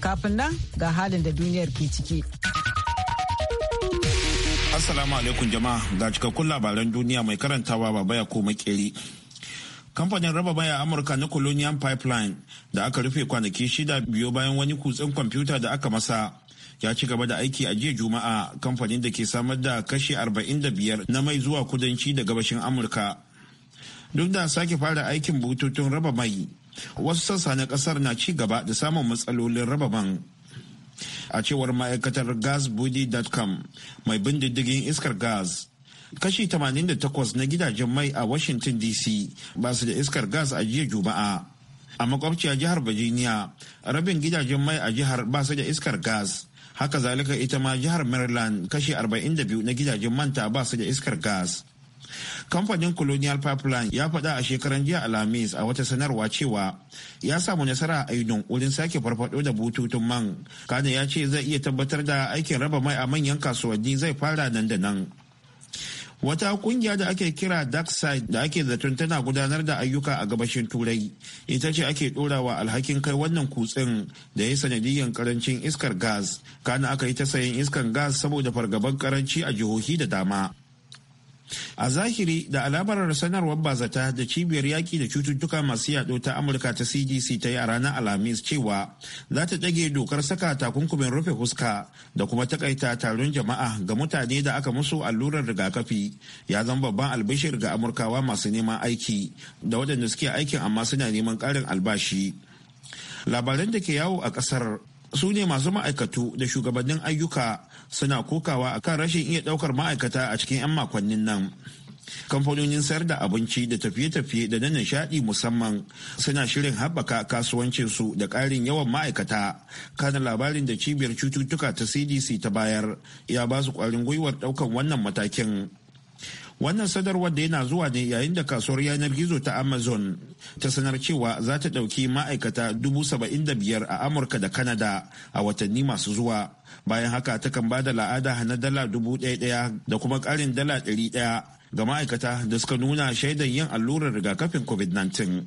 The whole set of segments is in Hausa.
Kafin nan ga halin da duniyar ke ciki. Assalamu alaikum jama'a ga cikakkun labaran duniya mai karantawa baba ya koma makeri. kamfanin raba baya amurka na colonial pipeline da aka rufe kwanaki shida biyo bayan wani kutsen kwamfuta da aka masa ya ci gaba da aiki a jiya juma'a kamfanin da ke samar da kashi 45 na mai zuwa kudanci da gabashin amurka duk da sake fara aikin bututun raba mai wasu sassa na kasar na ci gaba da samun matsalolin rababan. a cewar ma'aikatar gasbudi.com mai bin diddigin iskar gas kashi 88 na gidajen mai a washington dc ba su da iskar gas a jiya juma'a a makwabciya jihar virginia rabin gidajen mai a jihar ba su da iskar gas haka zalika ita ma jihar maryland kashi 42 na gidajen manta ba su da iskar gas kamfanin colonial pipeline ya faɗa a shekaran jiya alhamis a wata sanarwa cewa ya samu nasara a idon wurin sake farfado da bututun man kana ya ce zai iya tabbatar da aikin raba mai a manyan kasuwanni zai fara nan da nan wata kungiya da ake kira dark da ake zaton tana gudanar da ayyuka a gabashin turai ita ce ake dorawa alhakin kai wannan kutsin da ya sanadiyyar karancin iskar gas kana aka yi ta sayan iskar gas saboda fargaban karanci a jihohi da dama a zahiri da alamar sanarwar bazata da cibiyar yaƙi da cututtuka masu yaɗo ta amurka ta cdc ta yi a ranar alhamis cewa za ta ɗage dokar saka takunkumin rufe fuska da kuma taƙaita taron jama'a ga mutane da aka musu allurar rigakafi ya zama babban albishir ga amurkawa masu neman aiki da waɗanda suke aikin amma suna neman ƙarin albashi labaran da ke yawo a ƙasar su ne masu ma'aikatu da shugabannin ayyuka suna kokawa akan rashin iya daukar ma'aikata a cikin 'yan makonnin nan kamfanonin sayar da abinci da tafiye-tafiye da na nishadi musamman suna shirin haɓaka kasuwancinsu da ƙarin yawan ma'aikata kana labarin da cibiyar cututtuka ta cdc ta bayar ya ba su ƙwarin gwiwar ɗaukan wannan matakin wannan sadarwar da yana zuwa ne yayin da kasuwar yanar gizo ta amazon ta sanar cewa za ta ɗauki ma'aikata biyar a amurka da Kanada a watanni masu zuwa bayan haka ta kan ba da la'ada na dala dubu ɗaya da kuma ƙarin dala ɗari ɗaya ga ma'aikata da suka nuna shaidan yin allurar rigakafin covid-19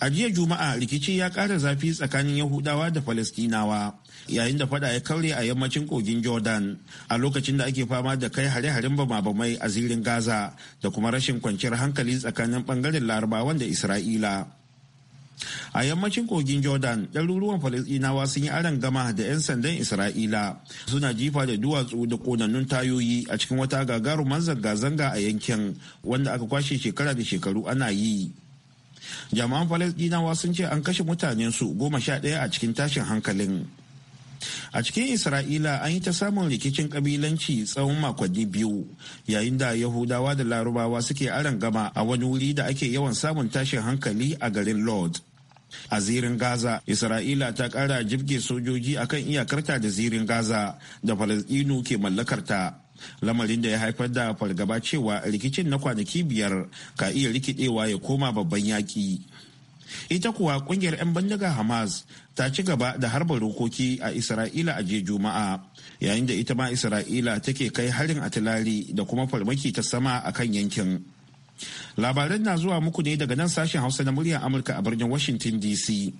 A jiya Juma'a rikici ya ƙara zafi tsakanin Yahudawa da Falastinawa yayin da fada ya kaure a yammacin kogin Jordan a lokacin da ake fama da kai hare-haren bama-bamai a zirin Gaza da kuma rashin kwanciyar hankali tsakanin bangaren Larabawan da Isra'ila. A yammacin kogin Jordan, ɗaruruwan Falasɗinawa sun yi aron gama da 'yan sandan Isra'ila suna jifa da duwatsu da konannun tayoyi a cikin wata gagarumar zanga-zanga a yankin wanda aka kwashe shekara da shekaru ana yi. jama'an falasdinawa sun ce an kashe mutanen su goma sha ɗaya a cikin tashin hankalin a cikin isra'ila an yi ta samun rikicin kabilanci tsawon makonni biyu yayin da yahudawa da larubawa suke aron gama a wani wuri da ake yawan samun tashin hankali a garin lord a zirin gaza isra'ila ta kara jibge sojoji akan iyakarta da zirin gaza da falasdinu ke mallakarta lamarin da ya haifar da fargaba cewa rikicin na kwanaki biyar ka iya rikidewa ya koma babban yaƙi ita kuwa kungiyar 'yan bandaga hamas ta ci gaba da harba rokoki a isra'ila a jiya juma'a yayin da ita ma isra'ila take kai harin atilari da kuma farmaki ta sama a kan yankin labaran na zuwa muku ne daga nan sashen hausa na muryar amurka a birnin washington dc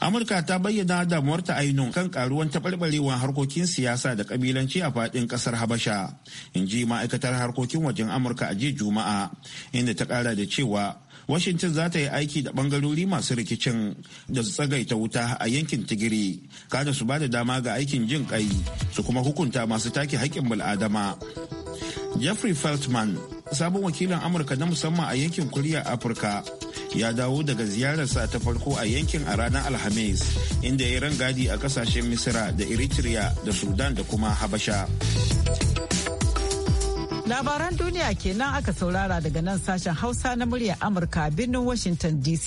amurka ta bayyana damuwarta ainihin kan karuwan taɓarɓarewar harkokin siyasa da ƙabilanci a faɗin ƙasar habasha in ji ma'aikatar harkokin wajen amurka a jiya juma'a inda ta ƙara da cewa washington za ta yi aiki da ɓangarori masu rikicin da su tsagaita wuta a yankin tigiri kada su ba da dama ga aikin jin kai su kuma hukunta masu take haƙƙin bil'adama jeffrey feltman sabon wakilin amurka na musamman a yankin kuriya afirka ya dawo daga ziyararsa ta farko a yankin a ranar alhamis inda ya rangadi a kasashen misira da eritrea da sudan da kuma habasha labaran duniya kenan aka saurara daga nan sashen hausa na muryar amurka birnin washington dc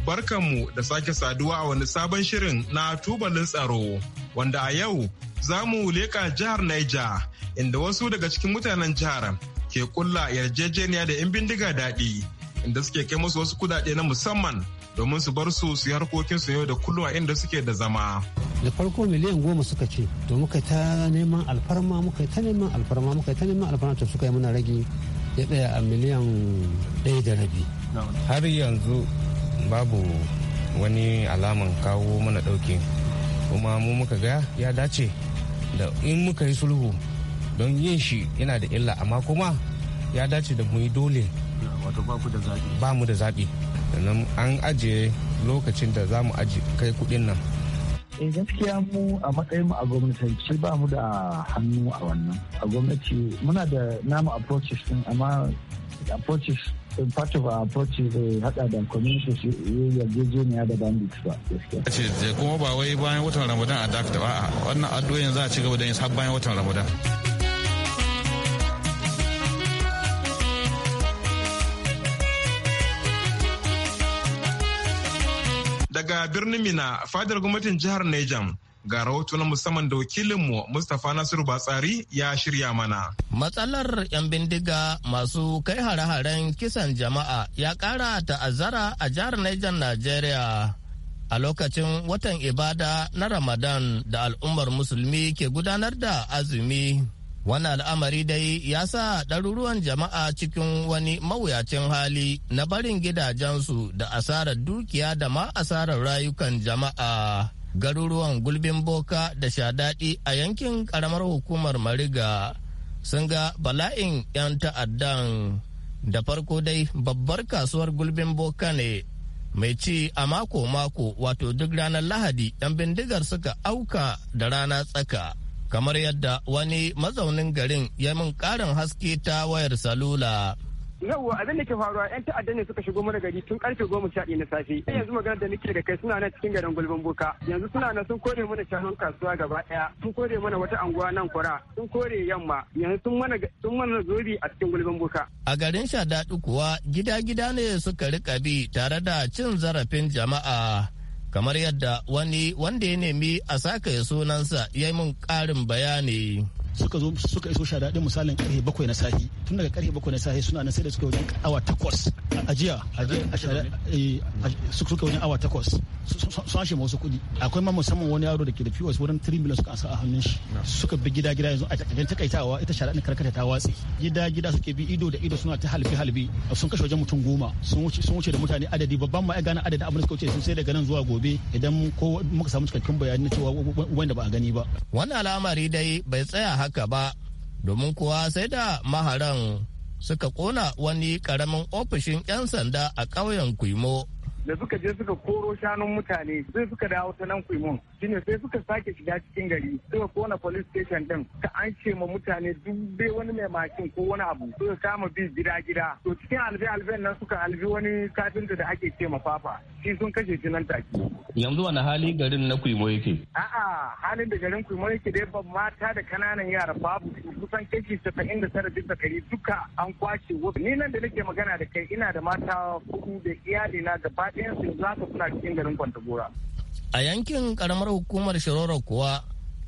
barkanmu da sake saduwa a wani sabon shirin na tubalin tsaro wanda a yau za mu leƙa jihar Niger inda wasu daga cikin mutanen jihar ke kulla yarjejeniya da 'yan bindiga daɗi inda suke kai musu wasu kudade na musamman domin su bar su su yi harkokin su yau da kullum a inda suke da zama. Da farko miliyan goma suka ce to muka ta neman alfarma muka ta neman alfarma muka ta neman alfarma to suka yi mana rage ya tsaya a miliyan ɗaya da rabi. Har yanzu babu wani alaman kawo mana dauke kuma mu muka ga ya dace da in muka yi sulhu don yin shi yana da illa amma kuma ya dace da mu yi dole ba mu da zaɓi sannan an ajiye lokacin da za mu aji kai kuɗin nan eh gaskiya mu a matsayin mu a gwamnatance ba mu da hannu a wannan a gwamnati muna da namu approaches din amma approaches part of our approach zai eh, hada da community eh, yarjejeniya da bandits ba gaskiya. kuma ba wai bayan watan ramadan a dakta ba wannan addu'o'in za a ci gaba da yin har bayan watan ramadan. daga birnin mina fadar gwamnatin jihar Niger ga rahoto na musamman da wakilinmu Mustapha Nasiru Batsari ya shirya mana. Matsalar 'yan bindiga masu kai hare-haren kisan jama'a ya ƙara ta'azzara a jihar Niger Najeriya. A lokacin watan ibada na Ramadan da al'ummar musulmi ke gudanar da azumi. Wani al'amari dai ya sa ɗaruruwan jama'a cikin wani mawuyacin hali na barin gidajensu da asarar dukiya da ma asarar rayukan jama'a. garuruwan gulbin boka da daɗi a yankin ƙaramar hukumar mariga sun ga bala'in 'yan ta'addan da farko dai babbar kasuwar gulbin boka ne mai ci a mako-mako wato duk ranar lahadi 'yan bindigar suka auka da rana tsaka kamar yadda wani mazaunin garin ya min ƙarin haske ta wayar salula. yawwa abin da ke faruwa yan ta'adda ne suka shigo mana gari tun karfe goma sha na safe yanzu magana da nake da kai suna na cikin garin gulbin boka yanzu suna nan sun kore mana shanun kasuwa gaba daya sun kore mana wata anguwa nan kwara sun kore yamma yanzu sun mana sun mana zobi a cikin gulbin boka a garin shadaɗu kuwa gida-gida ne suka rika bi tare da cin zarafin jama'a kamar yadda wani wanda ya nemi a saka sunansa ya yi mun ƙarin bayani suka zo suka iso sha daɗin misalin karfe bakwai na sahi tun daga karfe bakwai na sahi suna nan sai da suka wajen awa takwas a eh, suka wajen awa takwas sun ashe wasu kuɗi akwai ma musamman wani yaro da ke da fiwas wurin 3 million suka ansa a hannun shi suka bi gida gida yanzu a takardun takaitawa ita sha daɗin karkata ta watsi gida gida suke bi ido da ido suna ta halbe halbi sun kashe wajen mutum goma sun wuce da mutane adadi babban ma ya gane adadin abin da suka wuce sun sai daga nan zuwa gobe idan ko muka samu cikakken bayani na cewa wanda ba a gani ba wannan al'amari dai bai tsaya haka ba domin kuwa sai da maharan suka kona wani karamin ofishin 'yan sanda a ƙauyen kuimo da suka je suka koro shanun mutane sai suka dawo ta nan kuimun shine sai suka sake shiga cikin gari suka kona police station din ka an ce ma mutane duk dai wani mai makin ko wani abu suka kama bi gida gida to cikin albe alben nan suka albi wani kafinta da ake ce ma fafa shi sun kashe shi nan take yanzu wani hali garin na kuimo yake a'a halin da garin kuimo yake dai ban mata da kananan yara babu kusan kashi 99 bisa ɗari duka an kwace ni nan da nake magana da kai ina da mata hudu da iyali na gaba su za cikin garin kwantagora a yankin karamar hukumar shiroro kuwa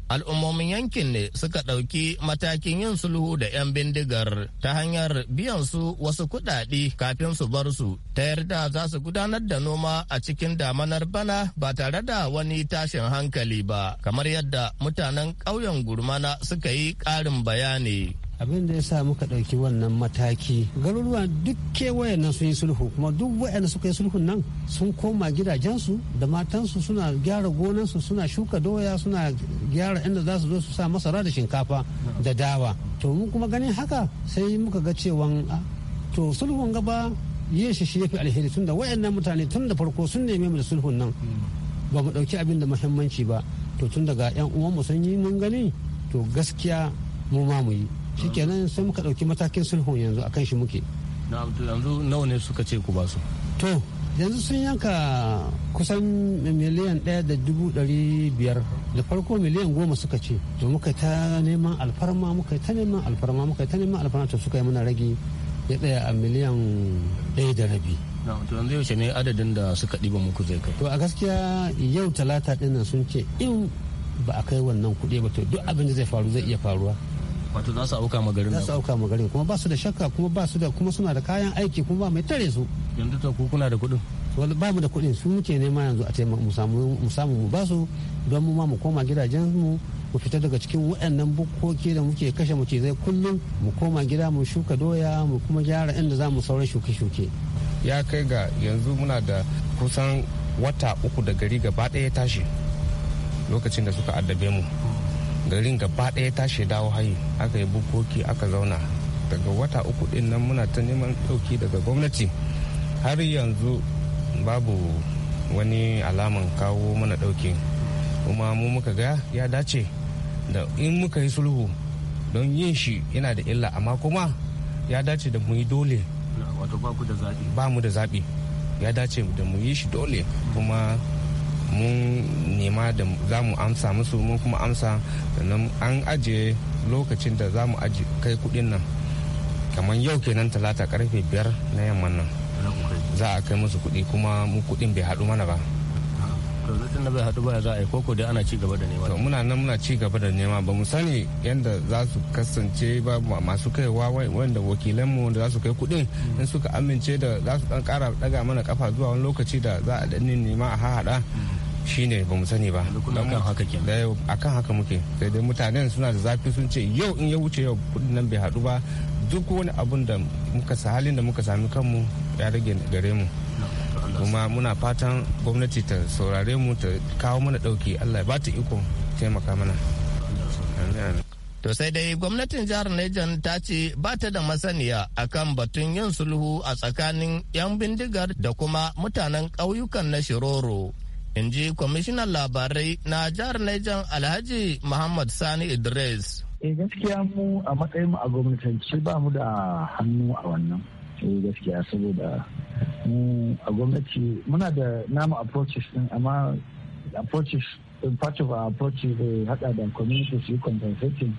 al'ummomin yankin ne suka ɗauki matakin yin sulhu da 'yan bindigar ta hanyar biyan su wasu kuɗaɗe kafin su bar su ta yarda za su gudanar da noma a cikin damanar bana ba tare da wani tashin hankali ba kamar yadda mutanen ƙauyen gurmana suka yi ƙarin bayani abin da ya sa muka ɗauki wannan mataki garuruwan duk kewaye nan sun yi sulhu kuma duk wayanda suka yi sulhun nan sun koma gidajensu da matansu suna gyara gonansu suna shuka doya suna gyara inda za su zo su sa masara da shinkafa da dawa to mun kuma ganin haka sai muka ga cewa to sulhun gaba yin shi shi ya alheri tun da wayannan mutane tun da farko sun neme mu da sulhun nan ba mu ɗauki abin da muhimmanci ba to tun daga 'yan uwan sun yi mun gani to gaskiya mu ma mu yi shikenan sai muka ɗauki matakin sulhun yanzu akan shi muke yanzu nawa ne suka ce ku ba su to yanzu sun yanka kusan miliyan ɗaya da dubu ɗari biyar da farko miliyan goma suka ce to muka ta neman alfarma muka ta neman alfarma muka ta neman alfarma to suka yi mana rage ya tsaya a miliyan ɗaya da rabi to yanzu yaushe ne adadin da suka ɗiba muku zai kai to a gaskiya yau talata ɗin sun ce in ba a kai wannan kuɗi ba to duk abin da zai faru zai iya faruwa wato za su auka magarin za su auka magarin kuma ba su da shakka kuma ba su da kuma suna da kayan aiki kuma ba mai tare su yanzu to ku kuna da kuɗin wani ba mu da kuɗin su muke nema yanzu a taimaka mu samu mu samu ba su don mu ma mu koma gidajen mu mu fita daga cikin waɗannan bukkoki da muke kashe mu zai kullum mu koma gida mu shuka doya mu kuma gyara inda za mu sauran shuke-shuke ya kai ga yanzu muna da kusan wata uku da gari gaba ɗaya tashi lokacin da suka addabe mu garin gaba ɗaya tashi dawo hayi aka yi bukoki aka zauna daga wata uku ɗin nan muna ta neman ɗauki daga gwamnati har yanzu babu wani alaman kawo mana ɗauki kuma mu muka ga ya dace da in muka yi sulhu don yin shi yana da illa amma kuma ya dace da mu yi dole ba mu da zaɓi ya dace da mu yi shi dole kuma mun nema da za mu amsa musu mun kuma amsa sannan an ajiye lokacin da za mu kai kudin nan kamar yau kenan talata karfe biyar na yamman nan za a kai musu kudi kuma mu kudin bai haɗu mana ba tun da bai haɗu ba za a yi koko dai ana ci gaba da nema muna nan muna ci gaba da nema ba mu sani yadda za su kasance ba masu kaiwa wanda wakilanmu da za su kai kudin in suka amince da za su ɗan ƙara ɗaga mana kafa zuwa wani lokaci da za a ɗan nema a hahaɗa shine ba mu sani ba a kan eh, haka muke sai dai mutanen suna da zafi sun ce yau in ya wuce yau kudin nan bai haɗu ba duk wani abun da muka sa halin da muka sami kanmu ya rage gare mu kuma muna fatan gwamnati ta saurare mu ta kawo mana ɗauki allah ba ta iko taimaka mana To sai dai gwamnatin jihar Niger ta ce ba ta da masaniya akan batun yin sulhu a tsakanin 'yan bindigar da kuma mutanen ƙauyukan na Shiroro. in ji kwamishinan labarai na jihar Niger Alhaji Muhammad Sani Idris. Eh, gaskiya mu a matsayin mu a gwamnatance ba mu da hannu a wannan. Eh, gaskiya saboda mu a gwamnati muna da namu approaches din amma approaches part of our approach eh, hada da community su compensating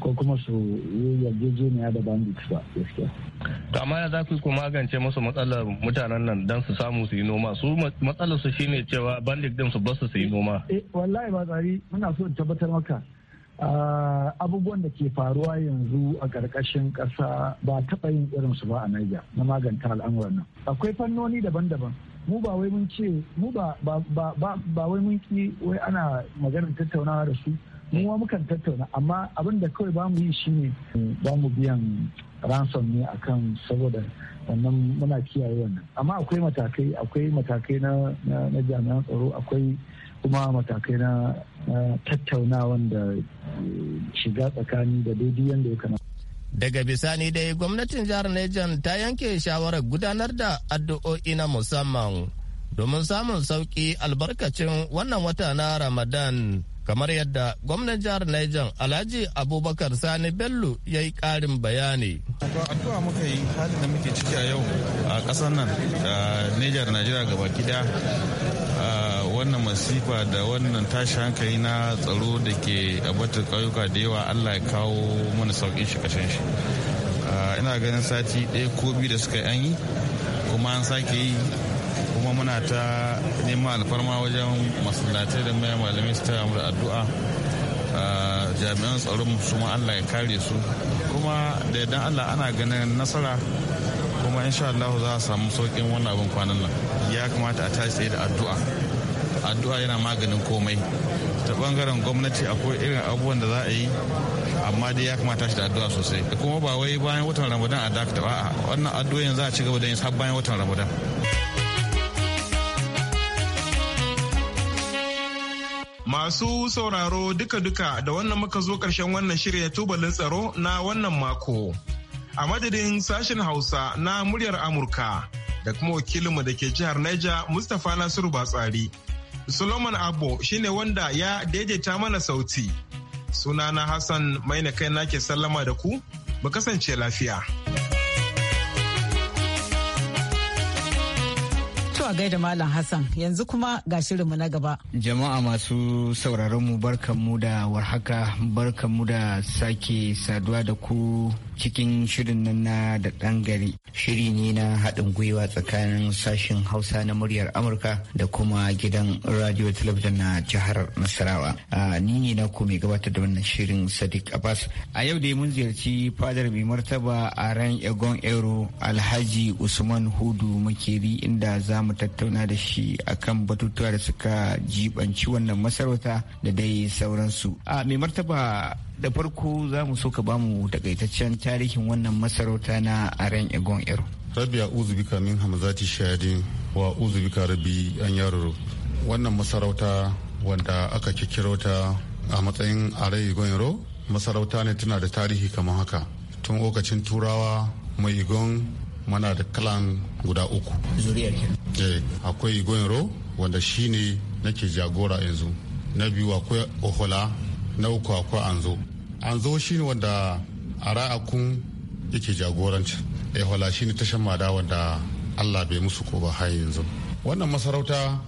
ko kuma su yi yarjejeniya da bandits ba gaskiya. to amma za ku yi magance musu matsalar mutanen nan don su samu su yi noma su matsalar su shine cewa bandit din su basu su yi noma. eh wallahi ba tsari muna so in tabbatar maka ah, abubuwan da ke faruwa yanzu a ƙarƙashin ƙasa ba taɓa yin irinsu ba a Niger na maganta al'amuran nan. Akwai fannoni daban-daban. mu ba wai mun ce mu ba wai mun ki wai ana maganar tattaunawa da su mu ma mukan tattauna amma abin da kawai ba mu yi shine mm, ba mu biyan ransom ne akan saboda wannan muna kiyaye wannan amma akwai matakai akwai matakai na jami'an tsaro akwai kuma matakai na tattaunawan da eh, shiga tsakani da daidai yadda ya kamata daga bisani dai gwamnatin jihar Niger ta yanke shawarar gudanar da addu'o'i na musamman domin samun sauki albarkacin wannan wata na ramadan kamar yadda gwamnan jihar Niger Alhaji Abubakar Sani Bello ya yi karin bayani. To addu'a muka yi halin da muke ciki a yau a ƙasar nan Niger Najeriya gaba kida wannan masifa da wannan tashi hankali na tsaro da ke abatar ƙauyuka da yawa Allah ya kawo mana sauƙin shi ƙashen shi. Ina ganin sati ɗaya ko biyu da suka yi an yi kuma an sake yi kuma muna ta neman alfarma wajen masallatai da mai malamai su taya da addu'a jami'an tsaron su ma Allah ya kare su kuma da idan Allah ana ganin nasara kuma insha Allah za a samu saukin wannan abin kwanan nan ya kamata a tashi da addu'a addu'a yana maganin komai ta bangaren gwamnati akwai irin abubuwan da za a yi amma dai ya kamata shi da addu'a sosai kuma ba wai bayan watan ramadan a dakata ba wannan addu'a za a ci gaba da yin har bayan watan ramadan Masu sauraro duka-duka da wannan muka zo ƙarshen wannan shirya tubalin tsaro na wannan mako. A madadin sashen Hausa na muryar Amurka da kuma wakilinmu da ke jihar Niger Mustapha Nasiru Batsari. Solomon Abbo shine wanda ya daidaita mana sauti. Sunana Hassan mai na kai nake sallama da ku, mu kasance lafiya. a gaida Malam Hassan yanzu kuma ga shirinmu na gaba. Jama'a masu sauraron mu barkanmu da warhaka barkanmu da sake saduwa da ku cikin shirin nan na da ɗan gari shiri ne na haɗin gwiwa tsakanin sashen hausa na muryar amurka da kuma gidan radio talabijin na jihar nasarawa ni nini na mai gabatar da wannan shirin sadiq abbas a yau dai mun ziyarci fadar mai martaba a ran egon ero alhaji usman hudu makeri inda za mu tattauna da shi akan batutuwa da suka jibanci wannan masarauta da dai sauransu a mai martaba da farko za mu so ka ba bamu takaitaccen tarihin wannan masarauta na aren egon ero rabia uzubika min hamzati shayadin wa uzubika rabi an yaro wannan masarauta wanda aka kikiro ta a matsayin aren egon ero masarauta ne tana da tarihi kamar haka tun lokacin turawa mai igon mana da kalan guda uku eh, akwai igon ero wanda shine nake jagora yanzu na biyu akwai ohola na uku akwai anzo an zo shi ne wanda a ra'akun yake jagoranci ehola shi ne tashan mada wanda allah bai musu ko ba har yanzu wannan masarauta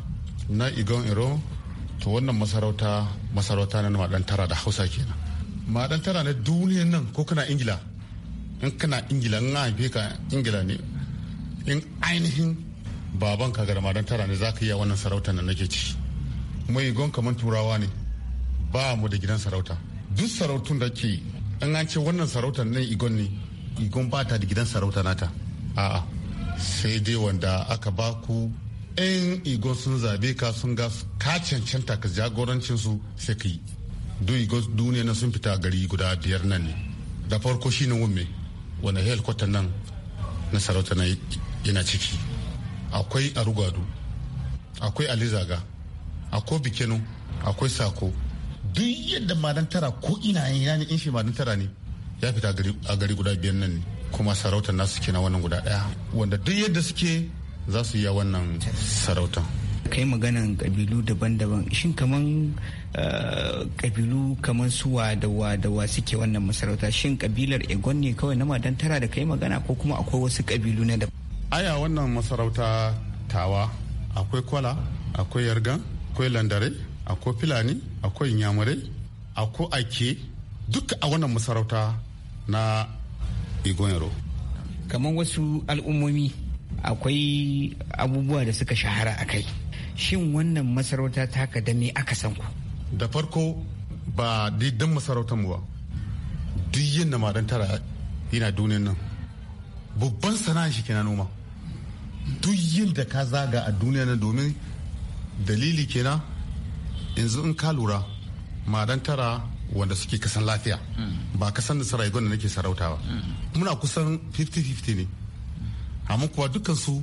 na igon iro to wannan masarauta masarauta na madan tara da hausa kenan madan tara na duniyan nan ko kana ingila in kana ingila in haife ka ingila ne in ainihin baban ka gara don tara ne za ka iya wannan sarauta na nake ci mai gon kamar turawa ne ba mu da gidan sarauta duk sarautun da ke an an ce wannan sarautar nan igon ne igon ba ta da gidan sarauta nata a'a sai dai wanda aka ba ku yan igon sun zabe ka sun ga ka cancanta ka jagorancin su sai ka yi duk igon duniya na sun fita gari guda biyar nan ne da farko shi shine wumme wanda helikwata nan na sarauta na yana ciki akwai arugadu akwai alizaga akwai bikinu akwai sako duk yadda madan tara ko ina ina ne in shi madan tara ne ya fita a gari guda biyar nan kuma sarautar nasu ke na wannan guda daya wanda duk yadda suke za su iya wannan sarautar kai maganan kabilu daban-daban shin kaman kabilu eh, kaman su wadawa wa suke wannan masarauta shin kabilar egon ne kawai na madan tara da kai magana ko kuma akwai wasu kabilu na daban aya wannan masarauta tawa akwai kwala akwai yargan akwai landare akwai Fulani akwai Inyamurai akwai Ake duka a wannan masarauta na Igon Kamar wasu al'ummomi akwai abubuwa da suka shahara a kai. Shin wannan masarauta taka da me aka san ku? Da farko ba didan masarautar mu ba. Duk yin madan tara yana duniyan nan. Babban sana'a shi kenan noma. Duk yin da ka zaga a duniya nan domin dalili kenan yanzu in ka lura madan tara wanda suke kasan lafiya ba kasan da sarai da nake sarauta ba muna kusan 50-50 ne amma kuwa dukkan su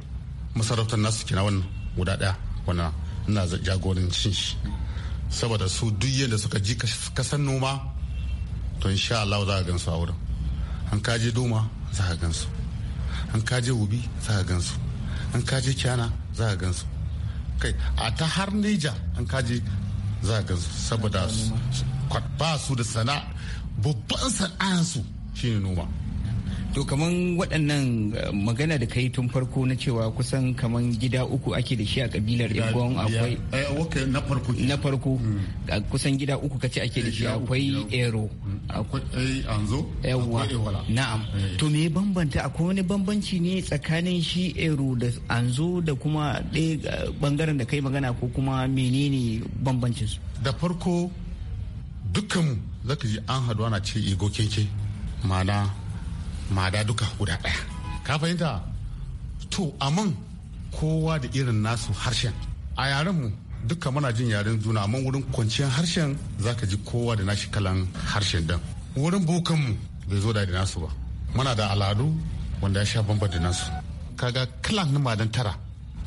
masarautar nasu kina wannan guda daya wana ina jagorancin shi saboda su duk yadda suka ji kasan noma to insha Allah za ka gan su a wurin an kaje doma za ka gan su an kaje wubi za ka gan su an kaje kyana za ka gan su kai a ta har neja an kaje za saboda ba su da sana'a babban su shine noma to kaman waɗannan eh, magana da kai tun farko na cewa kusan kaman gida uku ake da shi a kabilar Igbo akwai eh, na farko na farko hmm. kusan gida uku kace ake da shi akwai ero hmm. akwai eh, anzo yawa na'am to me bambanta akwai wani bambanci ne tsakanin shi ero da anzo da kuma ɗaya bangaren da kai magana ko kuma menene bambancin su da farko dukkanmu zaka ji an haɗu ana ce igo keke ma'ana mada duka guda daya. ka fahimta to amman kowa da irin nasu harshen a yaren mu duka muna jin yaren juna amma wurin kwanciyar harshen zaka ji kowa da nashi kalan harshen dan wurin mu bai zo da da nasu ba muna da al'adu wanda ya sha bambar da nasu kaga kalan na madan tara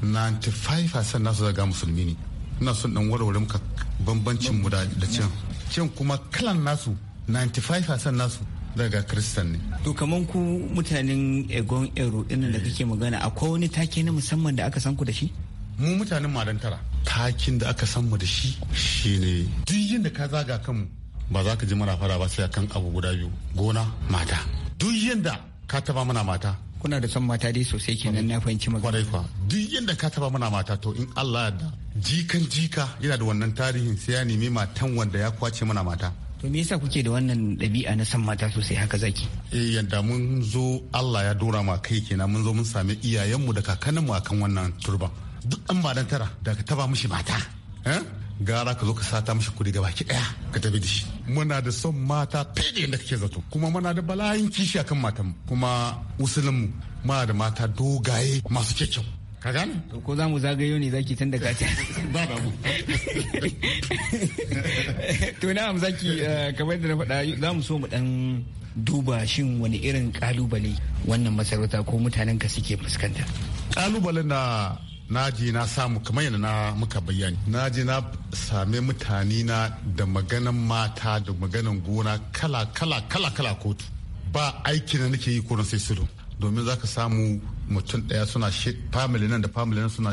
95% nasu zaga musulmi ne ina son dan warware muka bambancin mu da can can kuma kalan nasu 95% nasu daga kristan ne to kaman ku mutanen egon ero ɗin da kake magana akwai wani take na musamman da aka san ku da shi mu mutanen tara. takin da aka san mu da shi shine duk da ka zaga kanmu ba za ka ji mana fara ba sai kan abu guda biyu gona mata duk da ka taba mana mata kuna da son mata dai sosai kenan na fahimci magana kwarai kwa duk ka taba mana mata to in Allah ya da jikan jika yana da wannan tarihin sai ya nemi matan wanda ya kwace mana mata to me yasa kuke da wannan ɗabi'a na san mata sosai haka zaki eh yadda mun zo Allah ya dora ma kai kenan mun zo mun sami iyayenmu da kakanninmu akan wannan turban duk an ba tara da ka taba mishi mata eh? gara ka zo ka sata mishi kuɗi gaba ki ɗaya ka tafi da shi muna da son mata fiye da kake zato kuma muna da bala'in kishi akan matan kuma usulin mu muna da mata dogaye masu kyakkyau ka to ko za mu zagayo ne zaki tun da ka ta ba babu to am zaki eh, kamar da na faɗa za mu so mu dan duba shin wani irin kalubale wannan masarauta ko mutanen ka suke fuskanta kalubalen na na je na samu kamar yadda na muka bayani na je na same mutane na da maganan mata da maganan gona kala kala kala kala kotu ba aiki na nake yi ko na sai sulu domin zaka samu mutum daya suna family nan da family nan suna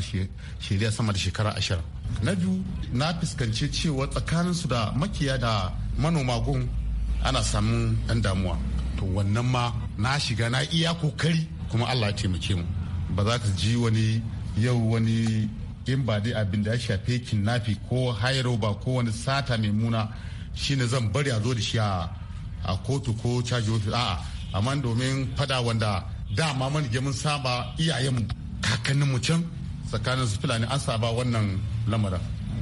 shirya sama da shekara ashirin na biyu na fuskanci cewa tsakanin su da makiya da manoma gun ana samun ɗan damuwa to wannan ma na shiga na iya kokari kuma allah ya taimake mu ba za ka ji wani yau wani in ba dai abin da ya shafe kinnafi ko hairo ba ko wani sata mai muna shine zan bari a zo da shi a kotu ko caji ofis a'a amma domin fada wanda dama mun je mun saba iyayenmu mu can tsakanin su fulani an saba wannan lamarin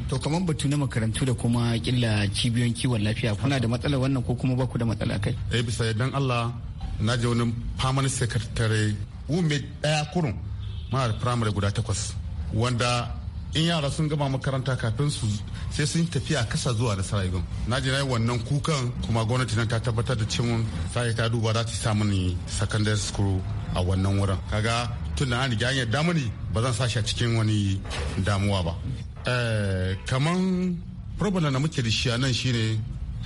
to kamar batu na makarantu da kuma killa cibiyoyin kiwon lafiya kuna da matsala wannan ko kuma ba ku da matsala kai eh bisa dan Allah na je wani famani secretary wume daya kurun muna da primary guda takwas wanda in yara sun gama makaranta kafin su sai sun tafiya kasa zuwa da sarayin na je na yi wannan kukan kuma gwamnati nan ta tabbatar da cewa sai ta duba za ta samu ni secondary school a wannan wurin kaga tun da an riga an yarda mani ba zan sashi a cikin wani damuwa ba eh, kaman problem da muke da shi nan shine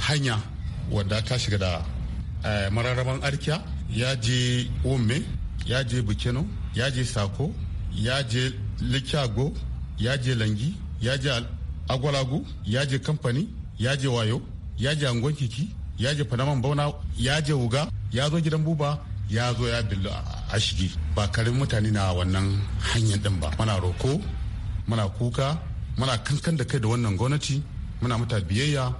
hanya wadda ta shiga da eh, mararraban arkiya ya je ome ya je bikino ya je sako ya je likyago ya je langi ya je agwalagu ya je kamfani ya je wayo ya je angon kiki ya je fanaman bauna ya je wuga ya zo gidan buba ya zo ya billu a shige ba karin mutane na wannan hanyar din ba muna roko muna kuka muna kankan da kai da wannan gwamnati muna mata biyayya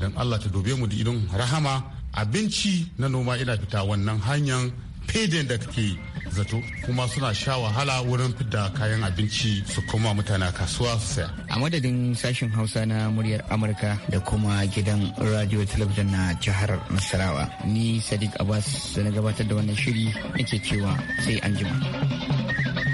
don allah ta dobe mu da idon rahama abinci na noma ina fita wannan hanyar fiye da kake zato kuma suna sha wahala wurin fidda kayan abinci su koma mutane kasuwa su saya. A madadin sashen Hausa na muryar Amurka da kuma gidan radio talabijin na jihar Nasarawa. Ni Sadiq Abbas da na gabatar da wannan shiri nake cewa sai an jima.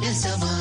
da sama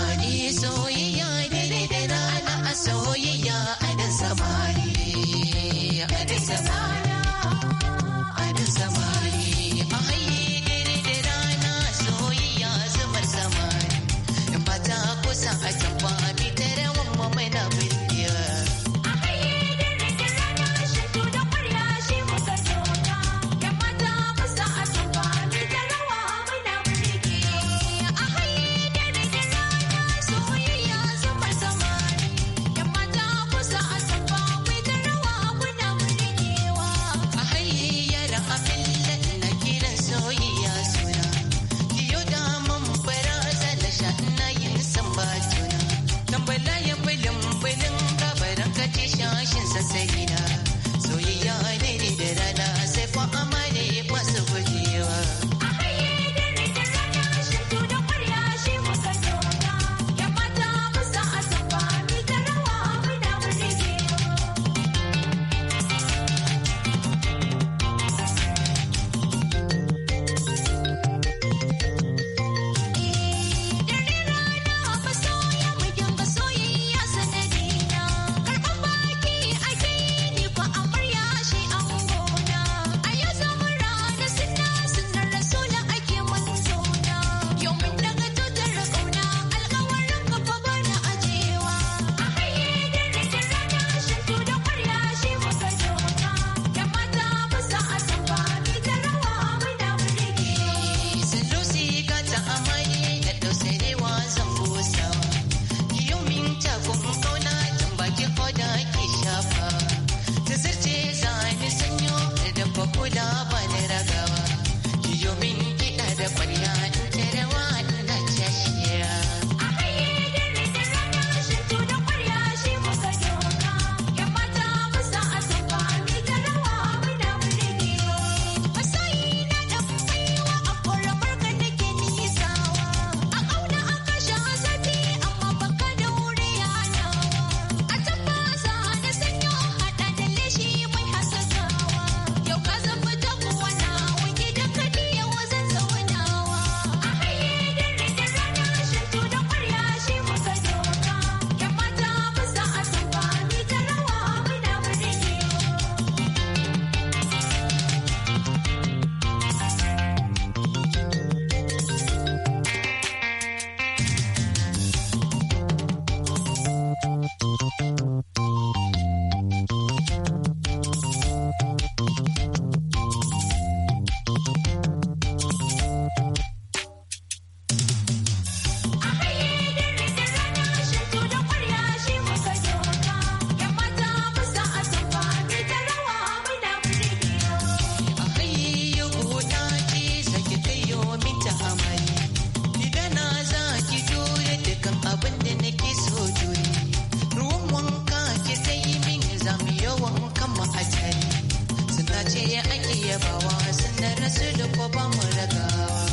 ake yabawa da rasu da ko mu ragawa